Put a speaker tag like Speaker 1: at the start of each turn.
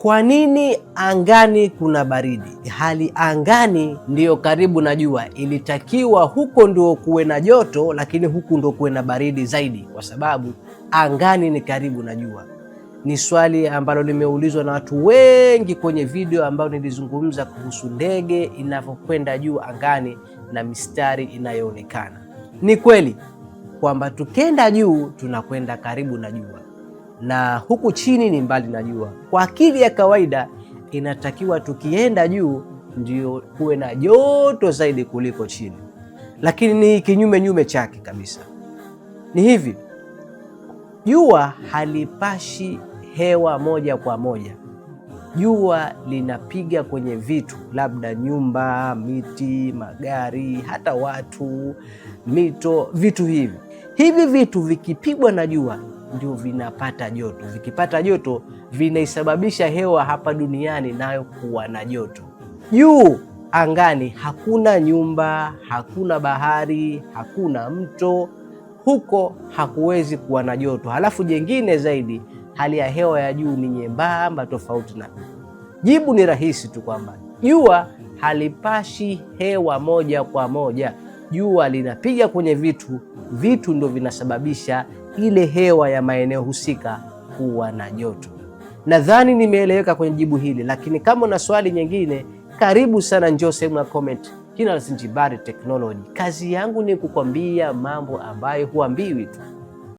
Speaker 1: Kwa nini angani kuna baridi? Hali angani ndiyo karibu na jua, ilitakiwa huko ndio kuwe na joto, lakini huku ndio kuwe na baridi zaidi, kwa sababu angani ni karibu na jua. Ni swali ambalo limeulizwa na watu wengi kwenye video ambayo nilizungumza kuhusu ndege inavyokwenda juu angani na mistari inayoonekana. Ni kweli kwamba tukenda juu tunakwenda karibu na jua na huku chini ni mbali na jua. Kwa akili ya kawaida inatakiwa tukienda juu ndio kuwe na joto zaidi kuliko chini, lakini ni kinyume nyume chake kabisa. Ni hivi, jua halipashi hewa moja kwa moja. Jua linapiga kwenye vitu, labda nyumba, miti, magari, hata watu, mito, vitu hivi. Hivi vitu vikipigwa na jua ndio vinapata joto. Vikipata joto, vinaisababisha hewa hapa duniani nayo kuwa na joto. Juu angani hakuna nyumba, hakuna bahari, hakuna mto, huko hakuwezi kuwa na joto. Halafu jengine zaidi, hali ya hewa ya juu ni nyembamba, tofauti na. Jibu ni rahisi tu kwamba jua halipashi hewa moja kwa moja jua linapiga kwenye vitu, vitu ndio vinasababisha ile hewa ya maeneo husika kuwa na joto. Nadhani nimeeleweka kwenye jibu hili, lakini kama una swali nyingine, karibu sana, njoo sehemu ya comment. Jina la Zinjibari Technology, kazi yangu ni kukwambia mambo ambayo huambiwi tu.